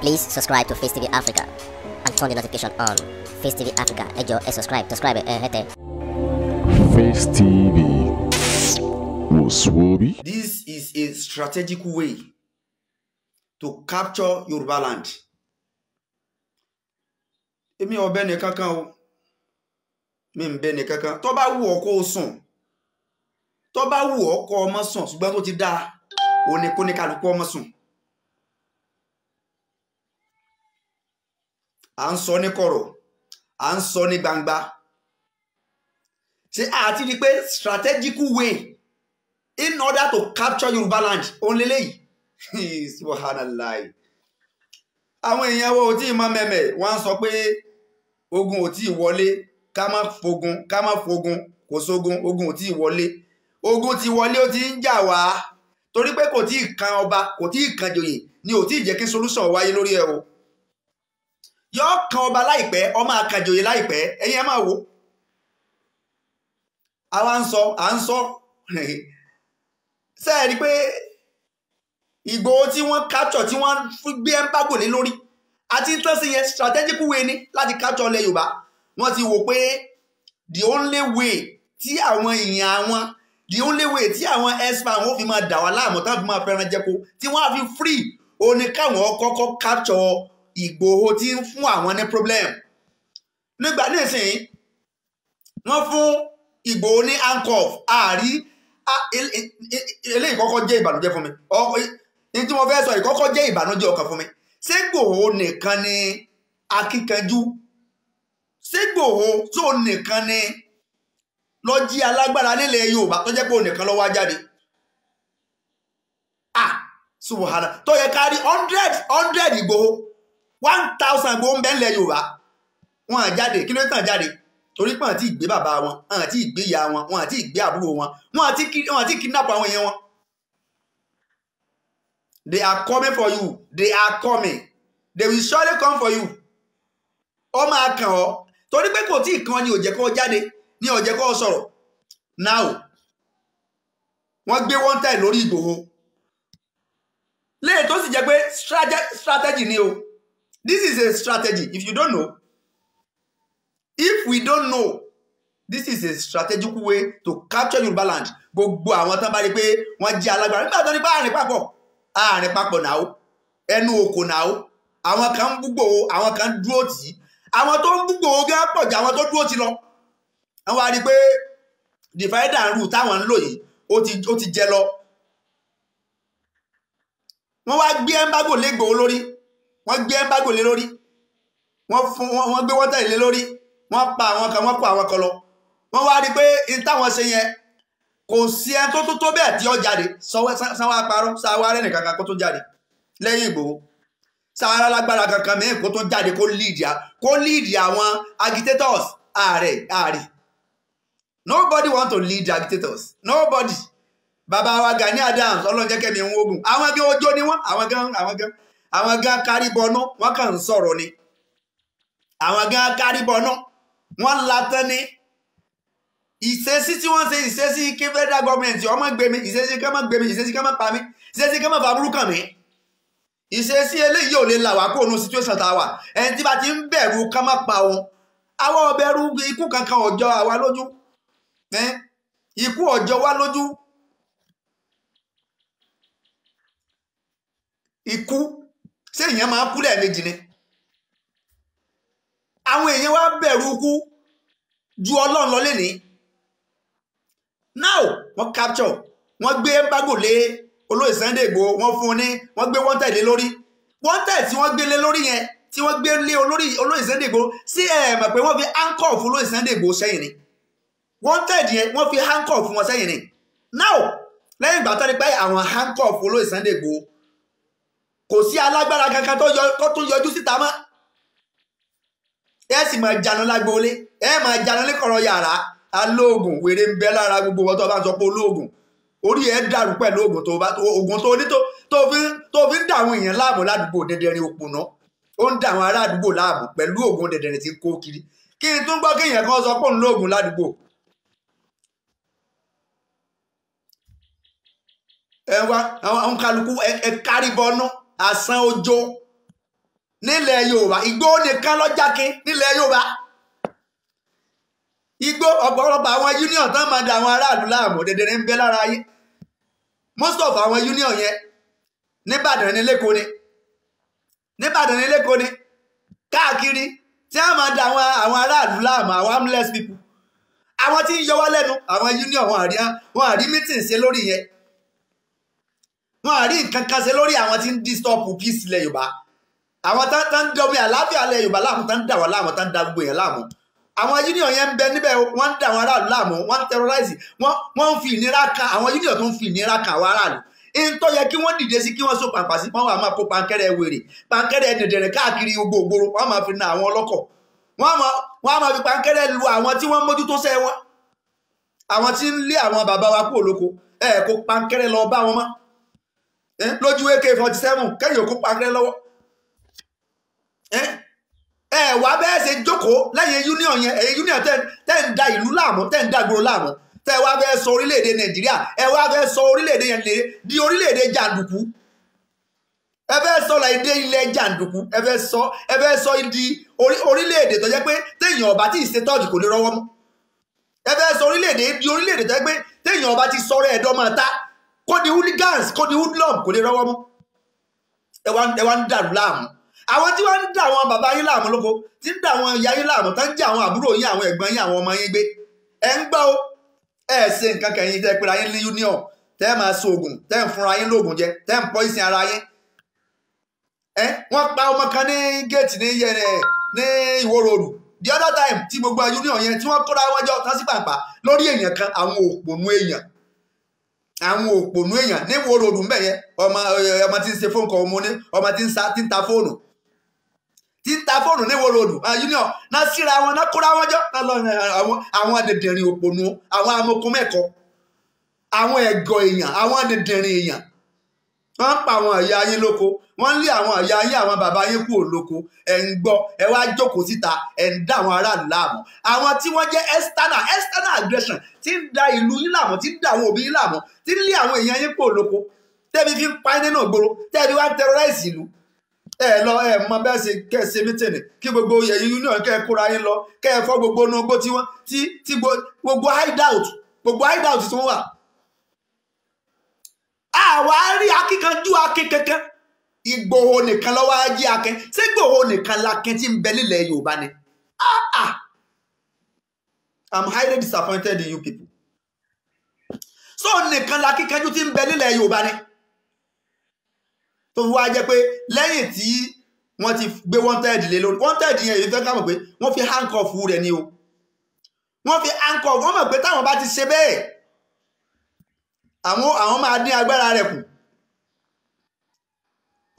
Please subscribe to Face TV Africa and turn the notification on. Face TV Africa, ẹ jọ̀ọ́ subscribe, subscribe eh? hẹ́tẹ̀. Face TV This is a strategic way to capture your land. Èmi ò bẹ́ ni kankan o, mi ń bẹ́ ni kankan. Tó bá wù ọ́ kó o sùn, tó bá wù ọ́ kó o má sùn, ṣùgbọ́n tó ti dáa, òun ni kó ní kálukú à ń sọ ní kọ̀rọ̀ à ń sọ ní gbangba ṣé àti rí pé strategic way in order to capture Yorùbá land òun lélẹ́yìí subhanallah àwọn èèyàn wo tí ìmọ̀ mẹ́mẹ́ wọ́n sọ pé ogun ò tí wọlé ká má fogun ká má fogun kò sógun ogun ò tí wọlé ogun ti wọlé ó ti ń jà wá torí pé kò tí ì kan ọba kò tí ì kan joyè ni ò tí ì jẹ́ kí solution wáyé lórí ẹ̀ yóò kan ọba láìpẹ́ ọmọ àkàjòyè láìpẹ́ ẹ̀yin ẹ máa wò àwa ń sọ à ń sọ ṣe i pé Ìgbòho tí wọ́n capture tí wọ́n gbé embargo lé lórí àti tán sí yẹn strategic way ni láti capture ilẹ̀ Yorùbá wọ́n ti wò pé the only way tí àwọn èèyàn àwọn the only way tí àwọn expert wọn fi máa dà wá láàmú tán fi máa fẹ́ràn jẹ́ko tí wọ́n á fi free òní káwọn kọ́kọ́ capture Ìgbòho ti ń fún àwọn ní problem nígbà nísìnyí wọ́n fún Ìgbòho ní handcuff àárí e, e, e, eléyìí kọ́kọ́ jẹ́ ìbànújẹ́ fún mi ní tí mo fẹ́ sọ ìkọ́kọ́ jẹ́ ìbànújẹ́ ọkàn fún mi ṣé Ìgbòho nìkan ni akíkanjú ṣé Ìgbòho tó nìkan ni lọ jí alágbára nílẹ̀ Yorùbá tó jẹ́ pé òun nìkan ló wá jáde ah subahana tó yẹ ká rí hundred hundred Ìgbòho one thousand gbó ń bẹ́ẹ̀ lẹ yorùbá wọn à jáde kí ló tàn jáde torí pé wọn ti gbé bàbá wọn wọn ti gbé ìyá wọn wọn ti gbé àbúrò wọn wọn ti kidnap àwọn èèyàn wọn. they are coming for you they are coming they will surely come for you. ó máa kàn ọ́ torí pé kò tí ì kan ni ó jẹ́ kó jáde ni ó jẹ́ kó sọ̀rọ̀ now wọ́n gbé one time lórí Ìgbòho léè tó sì jẹ́ pé strategy ni o. This is a strategy. If you don't know, if we don't know, this is a strategic way to capture your balance. Gbogbo àwọn tán bá rí pé wọ́n jẹ́ alágbára nígbà tó ní bá àrìn papọ̀ àrìn papọ̀ náà ẹnu oko náà àwọn kan ń gbúgbò àwọn kan ń dúró tì í àwọn tó ń gbúgbò gán pọ̀ ju àwọn tó dúró tì lọ. Àwọn á rí i pé divider ń rù táwọn ń lò yìí ó ti jẹ lọ. Wọ́n wá gbé ẹ́ńbágò lẹ́gbẹ̀ẹ́ olórí wọ́n gbé embargo lé lórí wọ́n fún wọ́n gbé wọ́tẹ̀ lé lórí wọ́n pa àwọn kan wọ́n kó àwọn kan lọ wọ́n wá rí i pé n táwọn ṣe yẹn kò sí ẹni tó tó tó bẹ́ẹ̀ tí ó jáde sanwó apárọ́ sanwó arẹ́nì kankan kó tó jáde lẹ́yìn Ìgbòho sanwó alágbára kankan mìíràn kó tó jáde kó lead kó lead àwọn agitators ààrẹ ààrẹ nobody want to lead agitators nobody bàbá wa Gani Adams ọlọ́njẹ́kẹ́mi ń wógun àwọn gan ojó ni wọ́n àwọn gan àwọn gan àwọn gan kárí bọnú wọ́n kàn ń sọ̀rọ̀ ni àwọn gan kárí bọnú wọ́n latán ni ìṣesí tí wọ́n ṣe ìṣesí kí federal government ọmọ gbèmí ìṣesí kí wọ́n gbèmí ìṣesí kí wọ́n pa mí ìṣesí kí wọ́n fa burúkàn mí ìṣesí eléyìí ò lè là wá kó nu situation tá a wà ẹni tí bá ti ń bẹ̀rù ká má pa òun àwa ò bẹ̀rù ikú kankan ò jọ àwa lójú ikú ò jọ wá lójú ikú ṣé èèyàn máa kú lẹ́ẹ̀mejì ni àwọn èèyàn wá bẹ̀rù kú ju ọlọ́run lọ lẹ́ni now wọ́n capture wọ́n gbé bágò lé olóyè Sunday Igboho wọ́n fún un ní wọ́n gbé wọ́n tẹ̀lé lórí wọ́n tẹ̀ tí wọ́n gbé lé lórí yẹn tí wọ́n gbé lé olórí olóyè Sunday Igboho sí ẹ̀ pé wọ́n fi anchor fún olóyè Sunday Igboho sẹ́yìn ni wọ́n tẹ̀ díẹ̀ wọ́n fi anchor fún wọn sẹ́yìn ni now lẹ́yìn ìgbà tó ní pé àwọn anchor fún olóyè Sunday Igboho kò sí alágbára kankan tó tún yọjú síta mọ́ ẹ sì máa jana lágbóolé ẹ máa jana lẹ́kọ̀ọ́ yàrá alóògùn wèrè ń bẹ lára gbogbo wọn tó bá ń sọ pé olóògùn orí ẹ dàrú pẹ̀lú oògùn tó bá oògùn tó ní tó tó fi ń dà àwọn èèyàn láàmú ládùúgbò dẹdẹrin òpùnà ó ń dà àwọn ará àdúgbò láàmú pẹ̀lú oògùn dẹdẹrin tí ń kó kiri kí n tún gbọ́ kí èèyàn kan sọ pé òun lóògùn ládùúgbò ẹ wá àwọn kálukú ẹ kárí bọ́nú. No? àsán ojo nílẹ̀ yorùbá igbó nìkan lọ́jàkin nílẹ̀ yorùbá igbó ọ̀pọ̀lọpọ̀ àwọn union tán máa da àwọn aráàlú láàmú dẹ̀dẹ̀rẹ̀ ń bẹ lára yín most of àwọn union yẹn nìbàdàn ní lẹ́kọ̀ọ́ ni nìbàdàn ní lẹ́kọ̀ọ́ ni káàkiri tí a máa da àwọn àwọn aráàlú láàmú àwọn amless people àwọn tí ń yọ lẹ́nu àwọn union wọn àrí wọn àrí meeting ṣe lórí yẹn wọn à rí nǹkan kan ṣe lórí àwọn tí ń disturb peace ilẹ̀ yorùbá àwọn tán tán ń dọ́mi àlàáfíà ilẹ̀ yorùbá láàmú tán ń dà wọ́n láàmú tán ń da gbogbo yẹn láàmú àwọn union yẹn ń bẹ níbẹ̀ wọ́n ń dà àwọn aráàlú láàmú wọ́n ń terrorize wọ́n wọ́n ń fi ìnira kan àwọn union tó ń fi ìnira kan àwọn aráàlú ń tọ́ yẹ kí wọ́n dìde sí kí wọ́n so pàǹpà sí pọ́n wà máa kó pankẹ́rẹ́ wèrè pankẹ́rẹ́ dẹ̀dẹ̀rẹ̀ káàkiri gbogbogbòrò wọ́n máa fi na àwọn ọlọ́kọ̀ wọ́n máa fi pankẹ́rẹ́ lu àwọn tí wọ́n mójútó sẹ́ wọn àwọn tí ń lé àwọn bàbá wa kú òlóko ẹ̀ kó pankẹ́rẹ́ lọ bá wọn mọ́ Eh, lójú ak forty seven kẹ́yìn òkú parẹ́ lọ́wọ́ eh, ẹ wá bẹ́ẹ̀ ṣe jókòó lẹ́yìn union yẹn ẹ̀yìn union tẹ́ ń da ìlú láàmú tẹ́ ń da ìgboro láàmú tẹ́ wá fẹ́ sọ orílẹ̀-èdè nàìjíríà ẹ wá fẹ́ sọ orílẹ̀-èdè yẹn di orílẹ̀-èdè jàǹdùkú ẹ fẹ́ sọ làìdé ilẹ̀ jàǹdùkú ẹ fẹ́ sọ ẹ fẹ́ sọ di orílẹ̀-èdè tó jẹ́ pé téèyàn ọba tí ì ṣe tọ́ọ̀dì kò lè rọwọ́ mọ́ ẹ fẹ́ sọ orílẹ̀-èdè di orílẹ̀-èdè tó jẹ́ pé téèyàn ọba ti sọ ọ́ ẹ̀dọ́ máa ta kó di hooligans kó di hoodlum kò lè rọwọ́ mú ẹ wá ń dàrú láàmú àwọn tí wọ́n ń dà àwọn bàbá yín láàmú lóko tí ń dà àwọn ìyá ọmọ yín gbé ẹ̀ ń gbọ́ ẹ̀ ṣe nǹkan kẹ̀yìn tẹ́ union tẹ́ máa so oògùn tẹ́ ń fúnra yín lóògùn jẹ tẹ́ ń ara yín ẹ wọ́n pa ọmọ kan ní ní ní the other time gbogbo union yẹn tí wọ́n kóra tásípàpà lórí èèyàn kan àwọn òpònú àwọn òpònú èèyàn níwò ròdù mbẹ yẹn eh, ọmọ tí ń ṣe fóònù kan ọmọ ní ọmọ tí ń sa tí ń ta fóònù tí ń ta fóònù níwò ròdù ah, union náà síra wọn náà wọ́n ń pa àwọn ẹ̀yà yín lóko wọ́n ń lé àwọn ẹ̀yà yín àwọn bàbá yín kúrò lóko ẹ̀ ń gbọ́ ẹ wá jókòó síta ẹ̀ ń dá àwọn aráàlú láàmú àwọn tí wọ́n jẹ́ external external aggression tí ń da ìlú yín láàmú tí ń da àwọn òbí yín láàmú tí ń lé àwọn èèyàn yín kúrò lóko tẹ́bi fi ń pa iná náà gbòòrò tẹ́bi wá ń terrorize ìlú ẹ lọ ẹ mọ bẹ́ẹ̀ ṣe kẹ́ ẹ ṣe mítìnì kí gbogbo ẹ̀yin union kẹ́ ẹ àwa rí akíkanjú akíkankan Ìgbòho nìkan lọ́wọ́ ajé akin ṣé Ìgbòho nìkan lakin tí ń bẹ nílẹ̀ Yorùbá ni ah ah I'm highly disappointed in you people so nìkan lakíkanjú tí ń bẹ nílẹ̀ Yorùbá ni tó fi wá jẹ́ pé lẹ́yìn tí wọ́n ti gbé wanted lé lórí wanted yẹn èyí fẹ́ ká mọ̀ pé wọ́n fi handcuff rẹ̀ ni o wọ́n fi handcuff wọ́n mọ̀ pé táwọn bá ti ṣe bẹ́ẹ̀ àwọn àwọn máa dín agbára rẹ̀ kù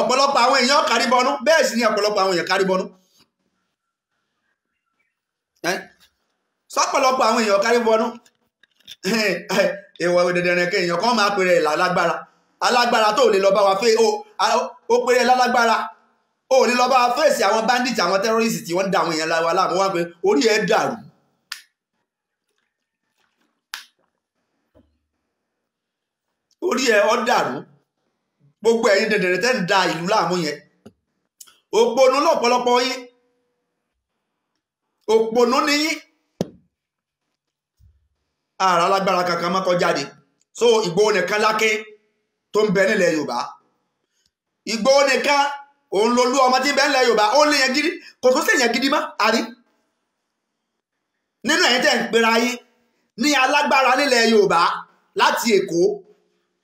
ọ̀pọ̀lọpọ̀ àwọn èèyàn kárí bọnú bẹ́ẹ̀ sì ni ọ̀pọ̀lọpọ̀ àwọn èèyàn kárí bọnú sọ́pọ̀lọpọ̀ àwọn èèyàn kárí bọnú ìwà òdèdèrè kí èèyàn kan máa pèrè lálágbára alágbára tó lè lọ bá wa fẹ́ ó pèrè lálágbára ó lè lọ bá wa fèsì àwọn bandits àwọn terrorists tí wọ́n ń da àwọn èèyàn láwa láàmú wá pé orí ẹ̀ dàrú orí ẹ ọ dàrú gbogbo ẹ̀yin dẹ̀dẹ̀rẹ̀ tẹ́ ń da ìlú láàmú yẹn òpònú lọ́pọ̀lọpọ̀ yín ni yín ara alágbára kankan mọ́kọ́ jáde so Ìgbòho nìkan láké tó ń bẹ nílẹ̀ Yorùbá nìkan òun ló lú ọmọ tí ń bẹ Yorùbá ó lè yẹn gidi kò tó sì yẹn gidi àrí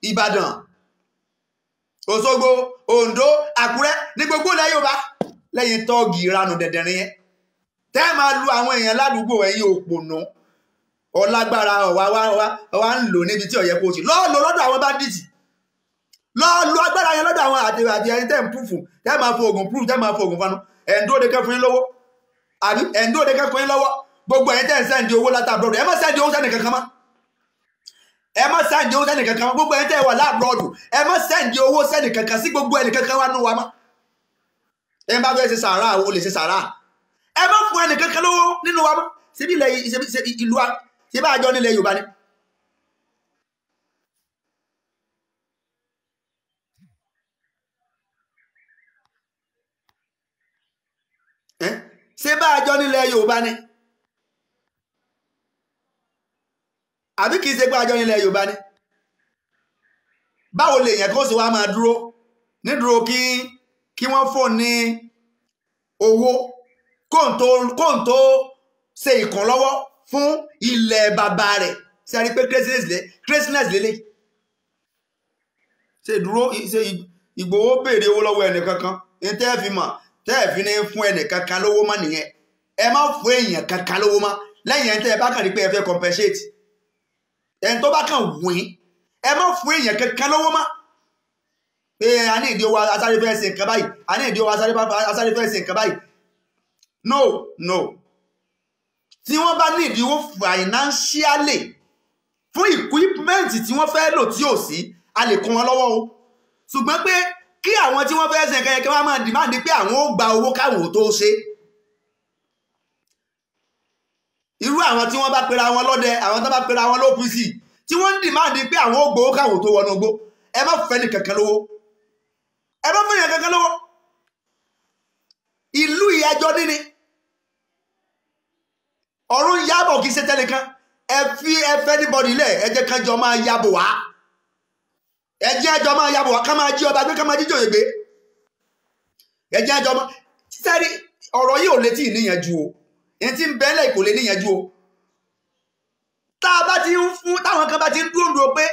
ìbàdàn òṣogbo oǹdó àkúrẹ́ ní gbogbo ilẹ̀ yorùbá lẹ́yìn tọ́ọ̀gì ìranù dẹ̀dẹ̀rin yẹn tẹ́ ẹ máa lu àwọn èèyàn ládùúgbò ẹ̀yìn òpònú ọlágbára ọ̀wá wa ń lò níbi tí ọ̀yẹ́ kò sí lọ́ọ́ lọ lọ́dọ̀ àwọn bandits lọ́ọ́ lu agbára yẹn lọ́dọ̀ àwọn àti àti ẹni tẹ́ ń púfù tẹ́ máa fo oògùn púfù tẹ́ máa fo oògùn fanu ẹ̀ǹdó de kẹ́ fún yín lọ́wọ́ àbí ẹ̀ǹdó de kẹ́ fún yín lọ́wọ́ gbogbo ẹ̀yin tẹ́ ń sẹ́ǹdì owó látàbọ̀dọ̀ ẹ má sẹ́ǹdì owó sẹ́ǹdì kankan máa ẹ má sẹ́ǹdì owó sẹ́nì kankan gbogbo ẹni tẹ́ ẹ wà láàbùrọ̀dù ẹ má sẹ́ǹdì owó sẹ́nì kankan sí gbogbo ẹni kankan wà nù wa mọ́ ẹ bá fẹ́ ṣe sàárà o lè ṣe sàárà ẹ má fún ẹni kankan lówó nínú wa mọ́ síbi ilẹ̀ ìlú wa síbi àjọ nílẹ̀ Yorùbá ni. ṣé bá àjọ nílẹ̀ Yorùbá ni. Eh? àbí kì í ṣe pé àjọ ilẹ̀ yorùbá ni báwo lè yẹn kó sì wá máa dúró nídúró kí kí wọ́n fún ní owó kóhùn tó ṣe ìkànlọ́wọ́ fún ilẹ̀ bàbá rẹ̀ ṣe àrí pé craziness lélẹ̀ ṣe dúró ṣe ìgbòho béèrè owó lọ́wọ́ ẹnìkankan ní tẹ́ẹ̀ fi mọ̀ tẹ́ẹ̀ fi ní fún ẹnìkankan lówó mọ́ nìyẹn ẹ má fún èèyàn kankan lówó mọ́ lẹ́yìn ẹ̀ ń tẹ́ ẹ bá kàn rí pé ẹ fẹ́ compensate ẹni tó bá kàn wín ẹ má fún èèyàn kankan lọ́wọ́ mọ́ pé a ní ìdí owó asáré fẹ́ ṣe nǹkan báyìí a ní ìdí owó asáré fẹ́ ṣe nǹkan báyìí no no tí wọ́n bá ní ìdíwó financially fún equipment tí wọ́n fẹ́ lò tí ò sí a lè kún wọn lọ́wọ́ o ṣùgbọ́n pé kí àwọn tí wọ́n fẹ́ ṣe nǹkan yẹn kí wọ́n máa dìmáàdì pé àwọn ó gba owó káwọn ò tó ṣe irú àwọn tí wọ́n bá pera wọn lọ́dẹ àwọn tó bá pera wọn lópin sí tí wọ́n ń dìmáàdì pé àwọn ó gbowó káwọn tó wọnú gbó ẹ má fẹ́ ní kankan lówó ẹ má fẹ́ ní kankan lówó ìlú ìyájọ́ níní ọ̀run yábọ̀ kì í ṣe tẹ́nìkan ẹ fi ẹ fẹ́ níbọ̀dì lẹ̀ ẹ jẹ́ kájọ máa yábọ̀ wá ẹ jẹ́ ẹjọ́ máa yábọ̀ wá ká máa jí ọba gbé ká máa jíjòyè gbé ẹ jẹ́ ẹjọ́ máa sẹ́ni ọ̀rọ̀ yìí ò ẹni tí ń bẹ́lẹ̀ kò lè níyànjú o tá a bá ti ń fún táwọn kan bá ti ń dúró pé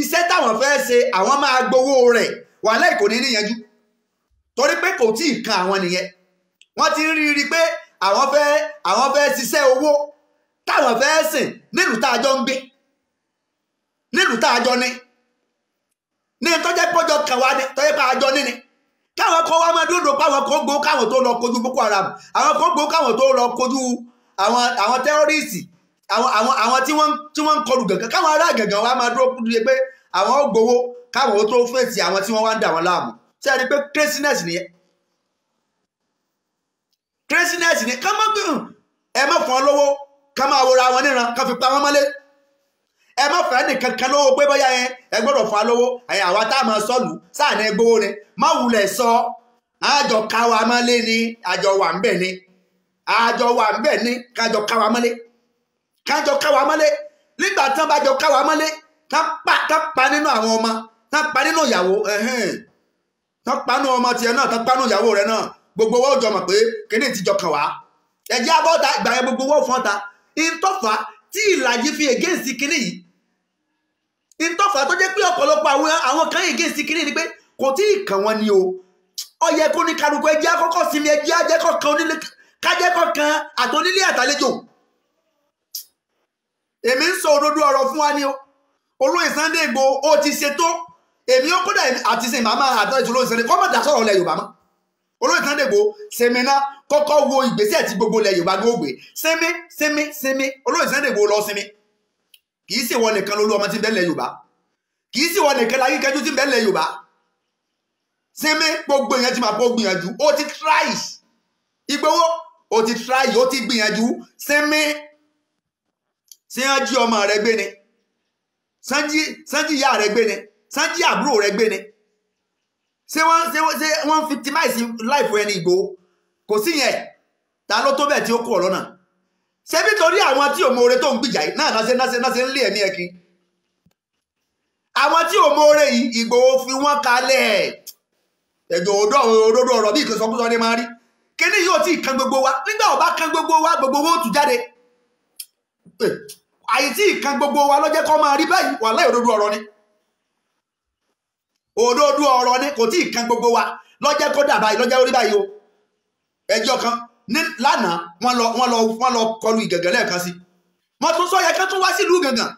iṣẹ́ táwọn fẹ́ ṣe àwọn máa gbowó rẹ̀ wàhálà kò ní níyànjú torí pé kò tí ì kan àwọn nìyẹn wọ́n ti ń rí rí pé àwọn fẹ́ àwọn fẹ́ ṣiṣẹ́ owó táwọn fẹ́ sìn nílùú tá a jọ ń gbé nílùú tá a jọ ní ní tọ́jẹ́ pọ́jọ kan wá ní tọ́jẹ́ pé a ní káwọn kan wá máa dúró káwọn kan gbó káwọn tó lọ kojú boko haram àwọn kan gbó káwọn tó lọ kojú àwọn àwọn tẹ́rọ́rìsì àwọn àwọn àwọn tí wọ́n tí wọ́n ń kọlù gàngán káwọn ará gàngán wá máa dúró kú dúró pé àwọn ó gbowó káwọn ó tó fèsì àwọn tí wọ́n wá ń dà wọ́n láàmú ṣé ẹni pé craziness nìyẹn craziness nìyẹn ká má gbìyànjú ẹ má fọ́n lówó ká máa wọra wọn níran ká fi pa wọn mọ́lé ẹ má fẹ́ nìkan kan pé bóyá yẹn fà wa tá a máa sọ lù sáànà ni má sọ àjọ káwa ni àjọ wà ń ni àjọ wà ń ni kájọ káwa kájọ káwa nígbà tán bá jọ káwa tán pa nínú àwọn ọmọ tán pa nínú ìyàwó tán pa nínú ọmọ tiẹ̀ náà tán pa nínú ìyàwó gbogbo owó jọ pé kan pé ọ̀pọ̀lọpọ̀ àwọn àwọn kan yìí gèsì kiri ni pé kò tí ì kàn wọ́n ni o ó yẹ kó ní kálukú ẹjẹ́ àkọ́kọ́ sinmi ẹjẹ́ àjẹkọ̀ kan onílé kájẹ́kọ̀ kan àtọ́nílé àtàlejò èmi ń sọ òdodo ọ̀rọ̀ fún wa ni o olóyè Sunday Igboho o ti ṣe tó èmi ó kódà àti sin màmá àtọ́ ìṣòro ìṣẹ̀lẹ̀ kọ́ mọ̀dà sọ̀rọ̀ ilẹ̀ Yorùbá mọ́ olóyè Sunday Igboho sẹ́mínà kọ́kọ́ wo ìgbésẹ̀ tí gbogbo ilẹ̀ Yorùbá gbogbo sẹ́mí sẹ́mí sẹ́mí olóyè Sunday Igboho lọ sinmi kì í ṣèwọ nìkan lolú ọmọ tí ń bẹ ilẹ̀ Yorùbá kì í sì wọ nìkan láyé kẹjú tí bẹ́ẹ̀ lẹ yorùbá sinmi gbogbo ìyànjú máa gbogbo ìyànjú ó ti try ìgbowó ó ti try ó ti gbìyànjú sinmi sinyanji ọmọ rẹ gbé ni sanji sanji ìyá rẹ gbé ni sanji àbúrò rẹ gbé ni ṣé wọ́n ṣé wọ́n ṣé wọ́n victimize life ẹni ìgbowó kò sí yẹn ta ló tó bẹ́ẹ̀ tí ó kọ̀ lọ́nà ṣé nítorí àwọn tí òmòore tó ń gbìjà yìí náà náà ṣe náà ṣe ń lé ẹ̀mí ẹ̀ àwọn tí òmóore yìí Ìgbòho fi wọn kalẹ̀ ẹ̀jọ̀ òdò òdodo ọ̀rọ̀ bí ìkẹsọ̀kúsọ ni máa rí kíní yóò tí ì kan gbogbo wa nígbà ọba kan gbogbo wa gbogbo owó tù jáde àìtí ì kan gbogbo wa lọ́jẹ́ kọ́ máa rí báyìí wàláhì òdodo ọ̀rọ̀ ni òdodo ọ̀rọ̀ ni kò tí ì kan gbogbo wa lọ́jẹ́ kó dà báyìí lọ́jẹ́ orí báyìí o ẹjọ́ kan ní lánàá wọ́n lọ wọ́n lọ kọlu ìgàngàn lẹ́ẹ̀kan sí wọ́n tún sọ yẹ kán tún wá sílùú gàngàn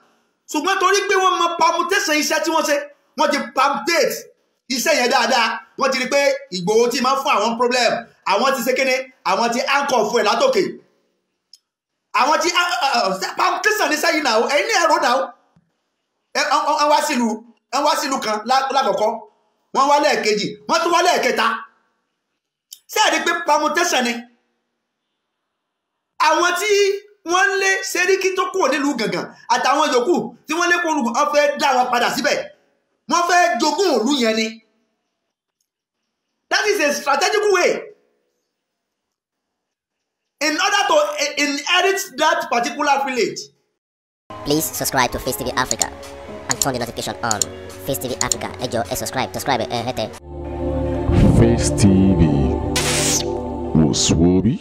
ṣùgbọ́n torí pé wọ́n mọ permutation iṣẹ́ tí wọ́n ṣe wọ́n ti permutate iṣẹ́ yẹn dáadáa wọ́n ti rí pé Ìgbòho ti máa ń fún àwọn problem àwọn ti ṣe kéne àwọn ti anchor fún ẹ̀ látòkè àwọn ti ah, ah, ah, permutation iṣẹ́ yìí náà ẹ̀yin ní ẹ̀rọ náà ẹ̀ wá sílùú ẹ̀ wá sílùú kan lákọ̀ọ́kọ́ wọ́n wá lẹ́ẹ̀kejì wọ́n tún wá lẹ́ẹ̀kẹta ṣé ẹ̀ rí pé permutation ni àwọn tí wọ́n lé sẹ́ríkì tó kúrò nílùú gàngàn àtàwọn yòókù tí wọ́n lé kó olùkọ́ wọ́n dá wọn padà síbẹ̀ wọ́n fẹ́ jogún òlu yẹn ni that is a strategic way in order to inherit that particular village. Please subscribe to Face TV Africa and turn the notification on. Face TV Africa ẹ jọ̀ọ́ subscribe subscribe ẹ hẹ́tẹ̀. Face TV wò sùn